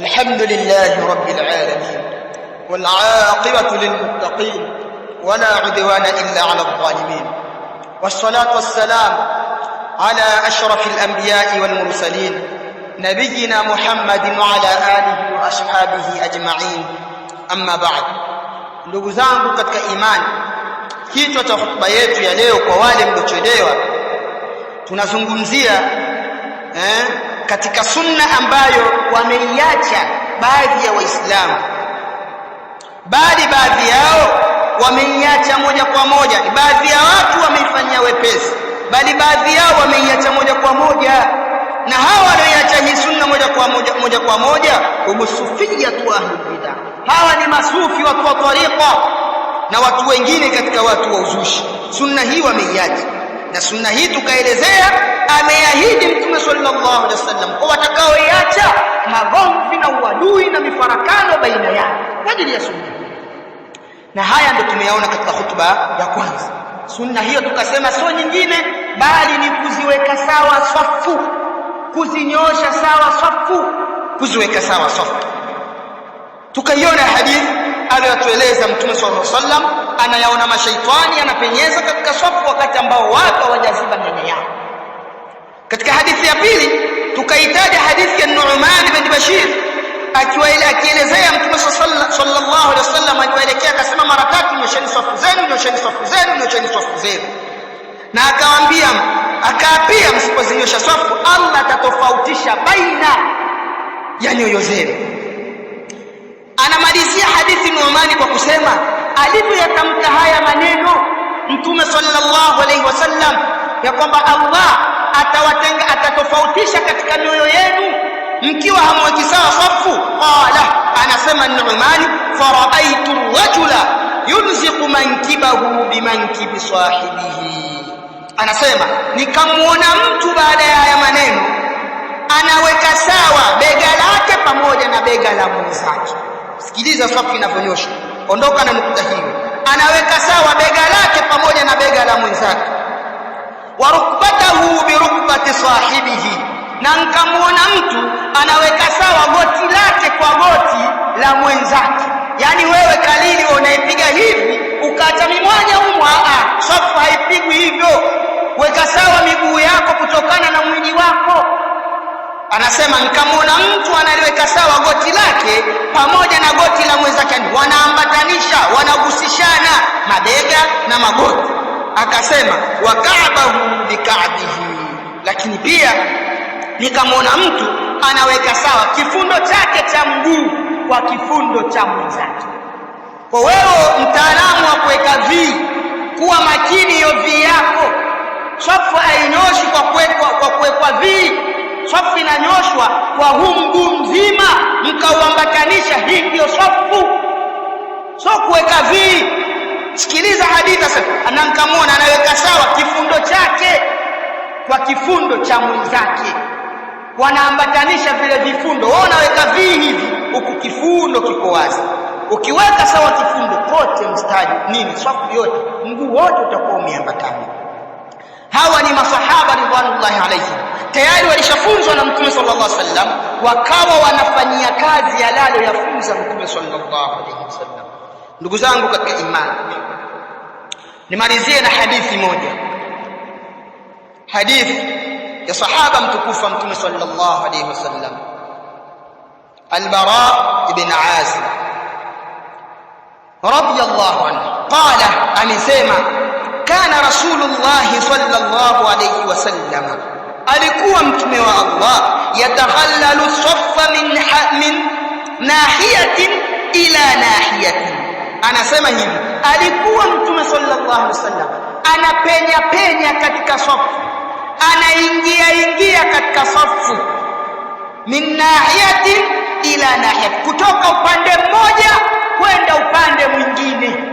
الحمد لله رب العالمين والعاقبة للمتقين ولا عدوان إلا على الظالمين والصلاة والسلام على أشرف الأنبياء والمرسلين نبينا محمد وعلى آله وأصحابه أجمعين أما بعد لغزان zangu كإيمان imani kichwa cha hotuba قوالي ya leo kwa katika sunna ambayo wameiacha baadhi ya Waislamu, bali baadhi yao wameiacha moja kwa moja, baadhi ya watu wameifanyia wepesi, bali baadhi yao wameiacha moja kwa moja. Na hawa walioiacha hii sunna moja kwa moja moja kwa moja humusufiyatu ahlulbida, hawa ni masufi, watu wa tariqa na watu wengine katika watu wa uzushi. Sunna hii wameiacha na sunna hii tukaelezea, ameahidi Mtume sallallahu alaihi wasallam kwa watakaoiacha magomvi na uadui na mifarakano baina yao kwa ajili ya sunna. Na haya ndio tumeyaona katika hutuba ya kwanza. Sunna hiyo tukasema sio nyingine, bali ni kuziweka sawa safu, kuzinyosha sawa safu, kuziweka sawa safu. Tukaiona hadithi aliyotueleza Mtume sallallahu alaihi wasallam anayaona mashaitani, yanapenyeza katika swafu wakati ambao watu hawajaziba mianya yao. Katika hadithi ya pili tukahitaja hadithi ya Nu'man ibn Bashir akielezea Mtume sallallahu alaihi wasallam akiwaelekea akasema, mara tatu nyosheni swafu zenu, nyosheni swafu zenu, nyosheni swafu zenu, na akawaambia akaapia, msipozinyosha swafu Allah atatofautisha baina ya nyoyo zenu. Anamalizia hadithi Nu'man kwa kusema yatamka haya maneno Mtume sallallahu alaihi wasallam ya kwamba Allah atawatenga atatofautisha katika mioyo yenu mkiwa hamweki sawa safu. Qala, anasema Nu'man, faraaitu rajula yunziqu mankibahu bimankibi sahibihi, anasema nikamwona mtu baada ya haya maneno anaweka sawa bega lake pamoja na bega la mwenzake. Sikiliza safu inavyonyosha ondoka na nukta hiyo. Anaweka sawa bega lake pamoja na bega la mwenzake, wa rukbatahu birukbati sahibihi, na nkamwona mtu anaweka sawa goti lake kwa goti la mwenzake, yaani wewe kalili unaipiga hivi Asema nikamwona mtu analiweka sawa goti lake pamoja na goti la mwenzake, wanaambatanisha wanagusishana mabega na magoti. Akasema wa kaabahu lakini pia nikamwona mtu anaweka sawa kifundo chake cha mguu kwa kifundo cha mwenzake. Kwa wewe mtaalamu wa kuweka vii, kuwa makini, hiyo vi yako safu hainyoshi kwa kuwekwa vi safu inanyoshwa kwa huu mguu mzima, mkauambatanisha. Hii ndio safu, so kuweka vii. Sikiliza hadithi sasa, na mkamwona anaweka sawa kifundo chake kwa kifundo cha mwenzake, wanaambatanisha vile vifundo. Wao naweka vii hivi, huku kifundo kiko wazi ukiweka sawa kifundo kote, mstari nini, swafu yote, mguu wote utakuwa umeambatana. Hawa ni masahaba ridwanullahi alaihim, tayari walishafunzwa na Mtume sallallahu alaihi wasallam, wakawa wanafanyia kazi yalaloyafunza Mtume sallallahu alaihi wasallam. Ndugu zangu katika imani, nimalizie na hadithi moja, hadithi ya sahaba mtukufu wa Mtume sallallahu alaihi wasallam, Albara ibn Azib radiyallahu anhu qala, amesema kana rasulullahi sallallahu alayhi wasallam, alikuwa mtume wa Allah yatahallalu saffa min, min nahiyatin ila nahiyatin, anasema hivi, alikuwa mtume sallallahu alayhi wasallam anapenya penya katika safu, anaingia ingia katika safu min nahiyatin ila nahiyatin, kutoka upande mmoja kwenda upande mwingine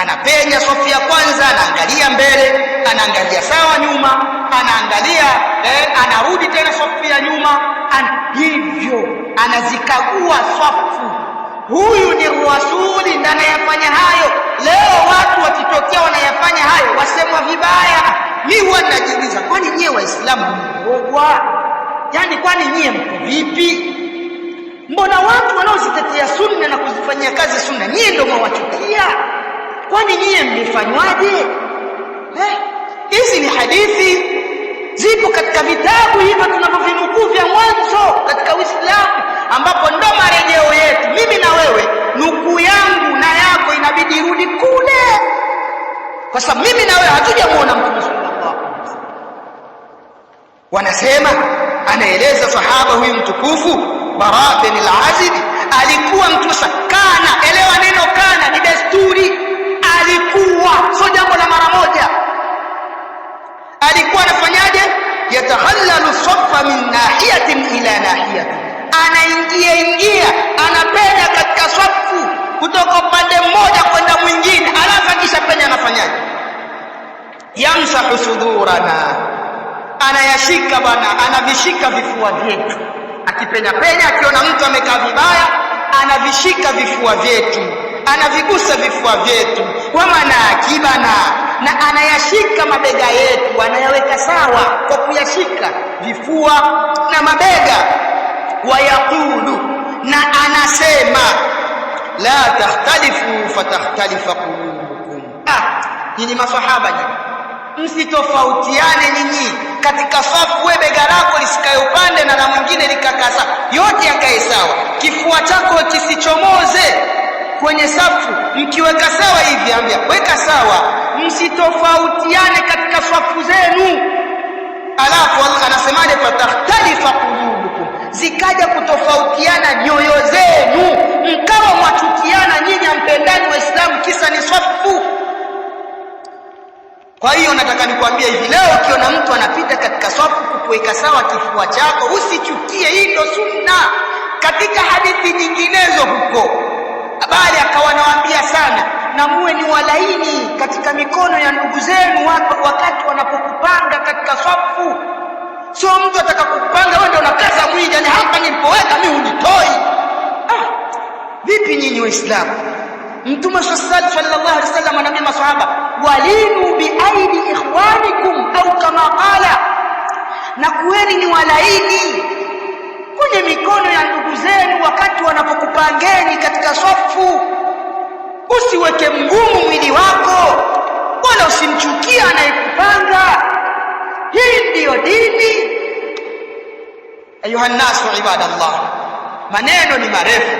anapenya safu ya kwanza, anaangalia mbele, anaangalia sawa nyuma, anaangalia eh, anarudi tena sofu ya nyuma ana, hivyo anazikagua safu. Huyu ni rasuli ndiye anayafanya hayo. Leo watu wakitokea wanayafanya hayo wasemwa vibaya. Mimi huwa kwani nyie Waislamu mmeogwa? Yaani kwani nyie mko vipi? Mbona watu wanaozitetea sunna na kuzifanyia kazi sunna nyie ndio mwawachukia? kwani nyiye mlifanywaje? Eh, hizi ni hadithi zipo katika vitabu hivyo tunavyovinukuu vya mwanzo katika Uislamu, ambapo ndo marejeo yetu. Mimi na wewe, nukuu yangu na yako inabidi irudi kule, kwa sababu mimi na wewe hatujamwona Mtume sallallahu Wanasema anaeleza sahaba huyu mtukufu Bara bin al-Azib alikuwa mtusa kana, elewa neno kana ni desturi alikuwa, sio jambo la mara moja. Alikuwa anafanyaje? yatahallalu safa min nahiyatin ila nahiyatin, anaingia ingia, anapenya katika safu kutoka upande mmoja kwenda mwingine, alafu akisha penya anafanyaje? yamsahu sudurana, anayashika bana, anavishika vifua vyetu. Akipenya penya, akiona mtu amekaa vibaya, anavishika vifua vyetu anavigusa vifua vyetu, wamana akibana, na anayashika mabega yetu, anayaweka sawa kwa kuyashika vifua na mabega. Wayaqulu, na anasema la tahtalifu fatahtalifa qulubukum. Ah, nyinyi maswahaba nyinyi, msitofautiane nyinyi katika safu, we bega lako lisikae upande na la mwingine likakaa sawa, yote yakae sawa, kifua chako kisichomoze kwenye safu, mkiweka sawa hivi, ambia weka sawa, msitofautiane katika safu zenu. Alafu anasemaje? fatakhtalifa qulubukum, zikaja kutofautiana nyoyo zenu, mkawa mwachukiana nyinyi ampendani Waislamu, kisa ni safu. Kwa hiyo nataka nikwambie hivi leo, ukiona mtu anapita katika safu kukuweka sawa kifua chako, usichukie, hii sunna. Katika hadithi nyinginezo huko bali nawaambia sana na muwe ni walaini katika mikono ya ndugu zenu wakati wanapokupanga katika safu. Sio mtu atakakupanga wewe ndio unakaza mwili, yani hapa nilipoweka mimi unitoi. Ah, vipi nyinyi Waislamu? Mtume sallallahu alaihi wasallam anaambia maswahaba, walinu biaidi ikhwanikum au kama qala, na kuweni ni walaini msishikuje mikono ya ndugu zenu wakati wanapokupangeni katika sofu Usiweke mgumu mwili wako, wala usimchukia anayekupanga. Hii ndiyo dini. Ayuha nnasu ibadallah, maneno ni marefu,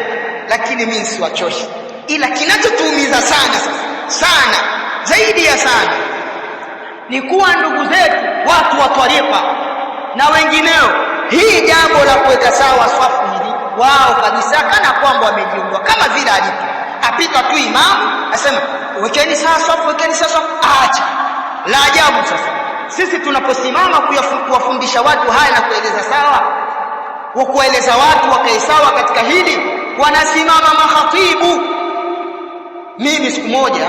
lakini mimi siwachoshi, ila kinachotuumiza sana sana zaidi ya sana ni kuwa ndugu zetu watu wa tariqa na wengineo Lengo la kuweka sawa swafu hili wao kabisa, kana kwamba wamejiunga, kama vile alipo apita tu imamu asema wekeni sawa swafu, wekeni sawa swafu, acha la ajabu. Sasa sisi tunaposimama kuwafundisha watu haya na kueleza sawa, kuwaeleza watu wakae sawa katika hili, wanasimama mahatibu. Mimi siku moja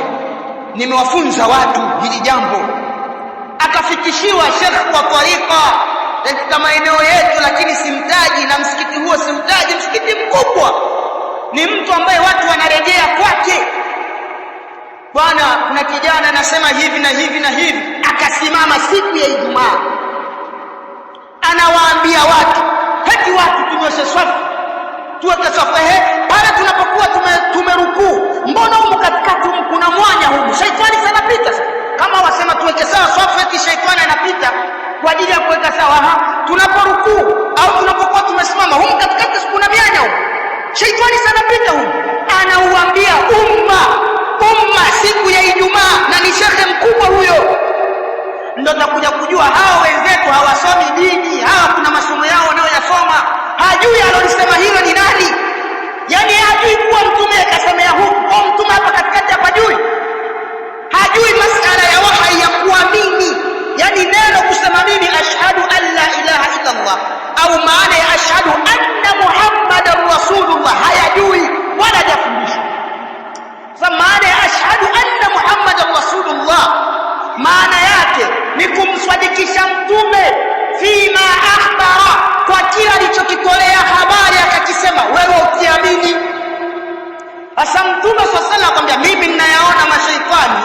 nimewafunza watu hili jambo, akafikishiwa shekh kwa tarika katika maeneo yetu, lakini simtaji na msikiti huo simtaji. Msikiti mkubwa ni mtu ambaye watu wanarejea kwake. Bwana, kuna kijana anasema hivi na hivi na hivi, akasimama siku ya Ijumaa anawaambia watu heti, watu tunyoshe swafu tuweke swafu. Ehe, pale tunapokuwa tumerukuu, mbona humu katikati kuna mwanya humu, shaitani sanapita kama wasema tuweke sawa safu ya kishaikwana anapita kwa ajili ya kuweka sawa. ha, tunaporukuu au tunapokuwa tumesimama huko katikati, kuna mianya huko, shaitani sana pita huko, anauambia umma umma, siku ya Ijumaa, na ni shekhe mkubwa huyo, ndio takuja kujua hao wenzetu hawasomi dini, hawa kuna masomo yao wanayoyasoma. Hajui alolisema hilo ni nani, yani hajui kuwa mtume ni kumswadikisha mtume fima akhbara, kwa kila alichokitolea habari akakisema, wewe ukiamini. hasa mtume swalla sallam akamwambia, mimi ninayaona mashaitani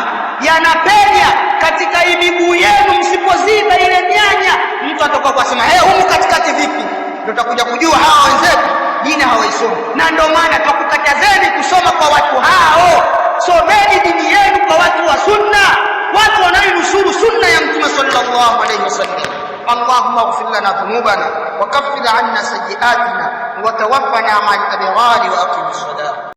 yanapenya katika miguu yenu, msipoziba ile nyanya. Mtu atakuwa kusema hey, humu katikati vipi? Ndio tutakuja kujua hawa wenzetu dini hawaisomi, na ndio maana tukukatazeni kusoma kwa watu hao. Someni dini yenu kwa watu wa Sunna. watu wanainusuru sunna ya mtume sallallahu alayhi wasallam اللهم اغفر لنا ذنوبنا وكفر عنا سيئاتنا وتوفنا مع الابرار واقم الصلاه